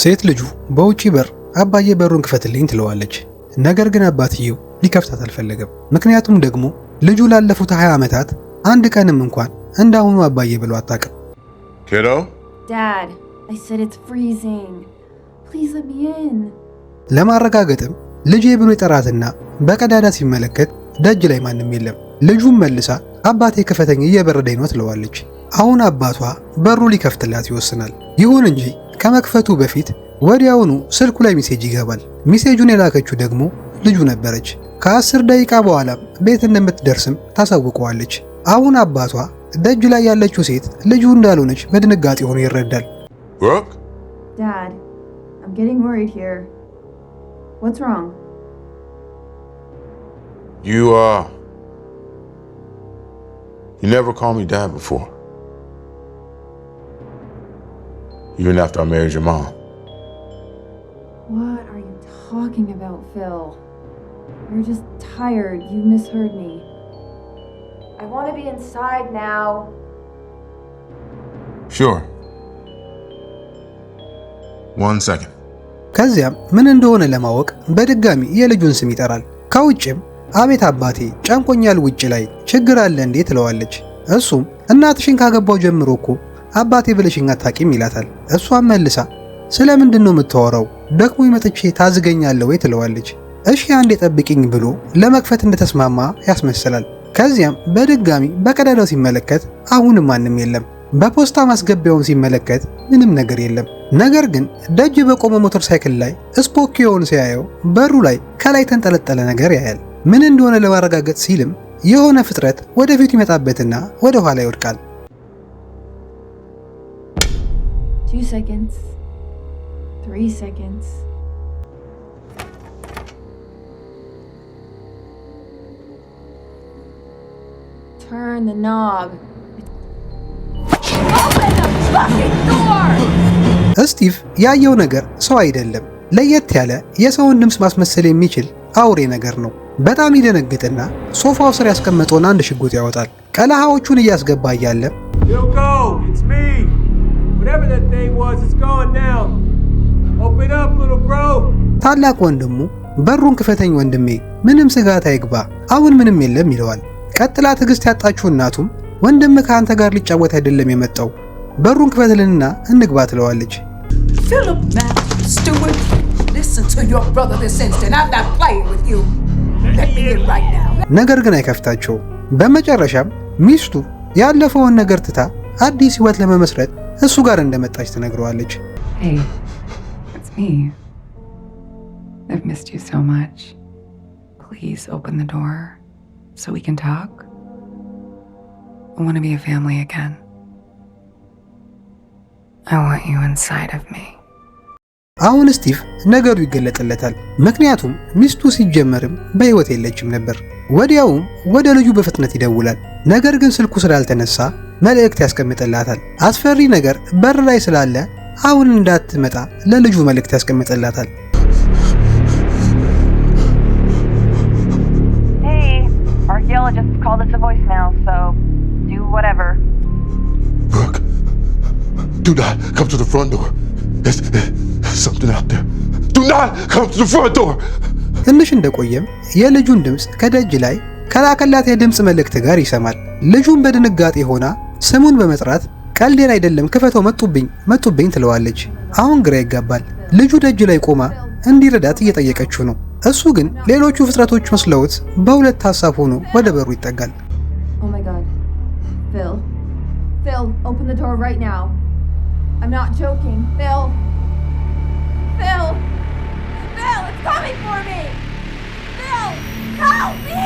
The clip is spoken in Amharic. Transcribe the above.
ሴት ልጁ በውጪ በር አባዬ በሩን ክፈትልኝ ትለዋለች። ነገር ግን አባትየው ሊከፍታት አልፈለገም። ምክንያቱም ደግሞ ልጁ ላለፉት 20 ዓመታት አንድ ቀንም እንኳን እንዳሁኑ አባዬ ብሎ አታውቅም። ኬዶ ለማረጋገጥም ልጄ ብሎ የጠራትና በቀዳዳ ሲመለከት ደጅ ላይ ማንም የለም። ልጁም መልሳ አባቴ ክፈተኝ እየበረደኝ ነው ትለዋለች። አሁን አባቷ በሩ ሊከፍትላት ይወስናል። ይሁን እንጂ ከመክፈቱ በፊት ወዲያውኑ ስልኩ ላይ ሚሴጅ ይገባል። ሚሴጁን የላከችው ደግሞ ልጁ ነበረች። ከአስር ደቂቃ በኋላም ቤት እንደምትደርስም ታሳውቀዋለች። አሁን አባቷ ደጅ ላይ ያለችው ሴት ልጁ እንዳልሆነች በድንጋጤ ሆኖ ይረዳል። You, uh, you never called me dad before. even after I married your mom. What are you talking about, Phil? You're just tired. You misheard me. I want to be inside now. Sure. One second. ከዚያም ምን እንደሆነ ለማወቅ በድጋሚ የልጁን ስም ይጠራል። ከውጭም አቤት አባቴ ጨንቆኛል፣ ውጭ ላይ ችግር አለ እንዴ ትለዋለች። እሱም እናትሽን ካገባው ጀምሮ እኮ አባቴ ብለሽኝ አታቂም ይላታል። እሷም መልሳ ስለምንድን ነው የምታወራው? ደግሞ መጥቼ ታዝገኛለህ ወይ ትለዋለች። እሺ አንዴ ጠብቂኝ ብሎ ለመክፈት እንደተስማማ ያስመስላል። ከዚያም በድጋሚ በቀዳዳው ሲመለከት አሁንም ማንም የለም። በፖስታ ማስገቢያውን ሲመለከት ምንም ነገር የለም። ነገር ግን ደጅ በቆመ ሞተር ሳይክል ላይ ስፖኪዮን ሲያየው በሩ ላይ ከላይ ተንጠለጠለ ነገር ያያል። ምን እንደሆነ ለማረጋገጥ ሲልም የሆነ ፍጥረት ወደፊቱ ይመጣበትና ወደ ኋላ ይወድቃል። two seconds, three seconds. Turn the knob. ስቲቭ ያየው ነገር ሰው አይደለም፣ ለየት ያለ የሰውን ድምፅ ማስመሰል የሚችል አውሬ ነገር ነው። በጣም ይደነግጥና ሶፋው ስር ያስቀመጠውን አንድ ሽጉጥ ያወጣል። ቀለሃዎቹን እያስገባ እያለ whatever that thing was, it's gone now. Open up, little bro. ታላቅ ወንድሙ በሩን ክፈተኝ ወንድሜ፣ ምንም ስጋት አይግባ፣ አሁን ምንም የለም ይለዋል። ቀጥላ ትዕግስት ያጣችው እናቱም ወንድም ከአንተ ጋር ሊጫወት አይደለም የመጣው በሩን ክፈትልንና እንግባ ትለዋለች። ነገር ግን አይከፍታቸው በመጨረሻም ሚስቱ ያለፈውን ነገር ትታ አዲስ ህይወት ለመመስረት እሱ ጋር እንደመጣች ትነግረዋለች። አሁን ስቲቭ ነገሩ ይገለጥለታል። ምክንያቱም ሚስቱ ሲጀመርም በሕይወት የለችም ነበር። ወዲያውም ወደ ልጁ በፍጥነት ይደውላል። ነገር ግን ስልኩ ስላልተነሳ መልእክት ያስቀምጥላታል። አስፈሪ ነገር በር ላይ ስላለ አሁን እንዳትመጣ ለልጁ መልእክት ያስቀምጥላታል። ትንሽ እንደቆየም የልጁን ድምፅ ከደጅ ላይ ከላከላት የድምፅ መልእክት ጋር ይሰማል። ልጁን በድንጋጤ ሆና ስሙን በመጥራት ቀልዴን አይደለም ክፈተው፣ መጡብኝ መጡብኝ ትለዋለች። አሁን ግራ ይጋባል። ልጁ ደጅ ላይ ቆማ እንዲረዳት እየጠየቀችው ነው። እሱ ግን ሌሎቹ ፍጥረቶች መስለውት በሁለት ሀሳብ ሆኖ ወደ በሩ ይጠጋል። oh Phil! Phil!